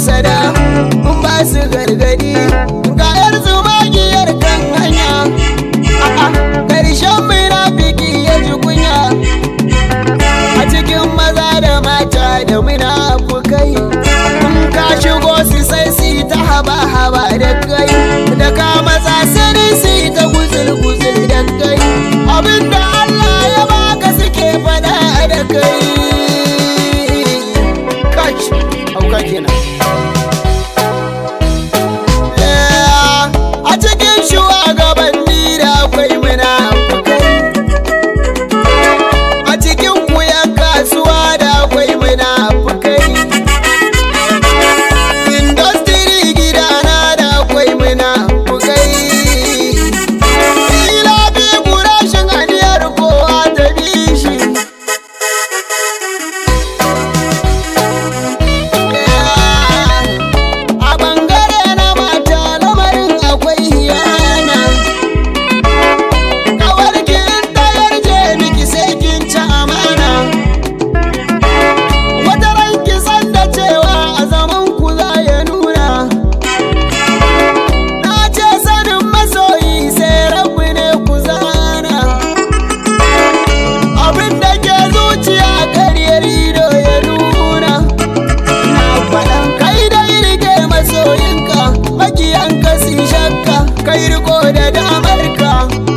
sada mun ba su gargadi ga zuma giyar kan hanya karshen munafiki ya ji kunya a cikin maza da mata da munafukai in ka shigo su sai su yi ta haba haba da kai da ka matsa sani su yi ta guzul guzul da kai abinda Allah ya baka suke faɗa da kai Thank you. shakka kai riko da damarka